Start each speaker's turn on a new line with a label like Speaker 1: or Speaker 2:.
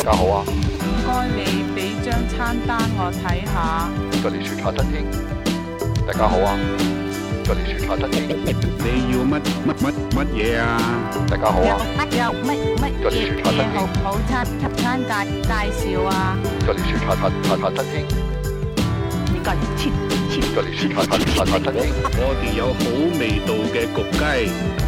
Speaker 1: 大家好啊！
Speaker 2: 唔該，你俾張餐單我睇下。
Speaker 1: 吉利樹茶餐廳，大家好啊！吉利樹茶餐廳，你要乜乜乜乜嘢啊？大家好啊！
Speaker 2: 有乜乜嘢好套餐、餐介
Speaker 1: 介紹啊？
Speaker 2: 吉
Speaker 1: 利樹茶餐廳，我我哋有好味道嘅焗雞。